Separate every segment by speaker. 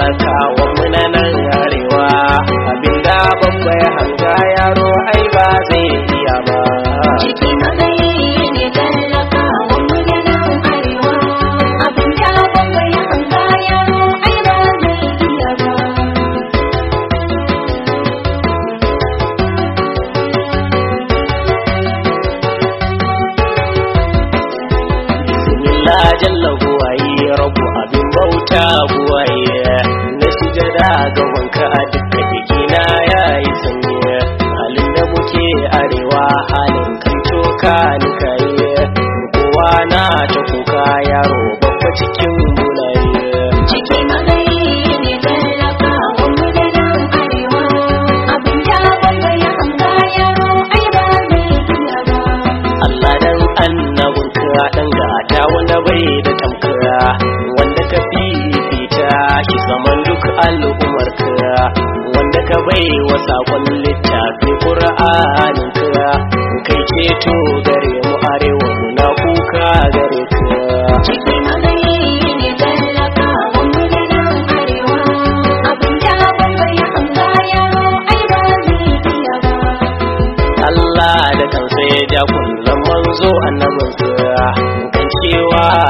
Speaker 1: talakawan munanan arewa abinda babba ya yaro ba zai ne
Speaker 2: talakawan munanan arewa abinda babba ya hanga yaro ai ba zai iya
Speaker 1: ba bismillah jalla huwa yi rabu ga wanka a duka jikina ya yi sanyi halin da muke arewa halin kan coka ni kaye kowa na ta kuka yaro babba cikin
Speaker 2: cikin ne da nan arewa abin ya yaro ai ba mai
Speaker 1: ba gata wanda bai da tamkara bai wa sakon littafi ƙura'anin kira kai ceto gare mu arewa na kuka gare Allah da kansa ya ja kullum manzo annabin sura kan cewa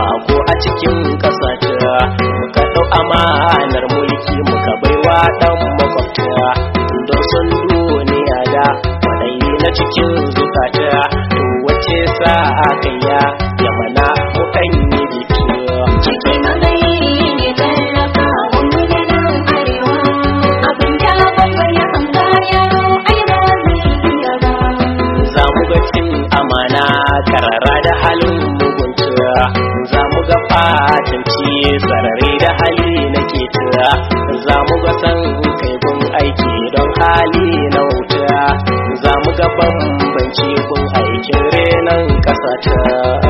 Speaker 1: al'umma ko a cikin kasashe muka ɗau amanar mulki muka baiwa ɗan makwabta don sun duniya da kwaɗayi na cikin zukata to wace sa'a kaiya ya mana mukan yi karara da ga fatanci sarare da hali na ke tura za mu ga san kai kun aiki don hali na wuta za mu ga bambanci kun aikin renan ƙasa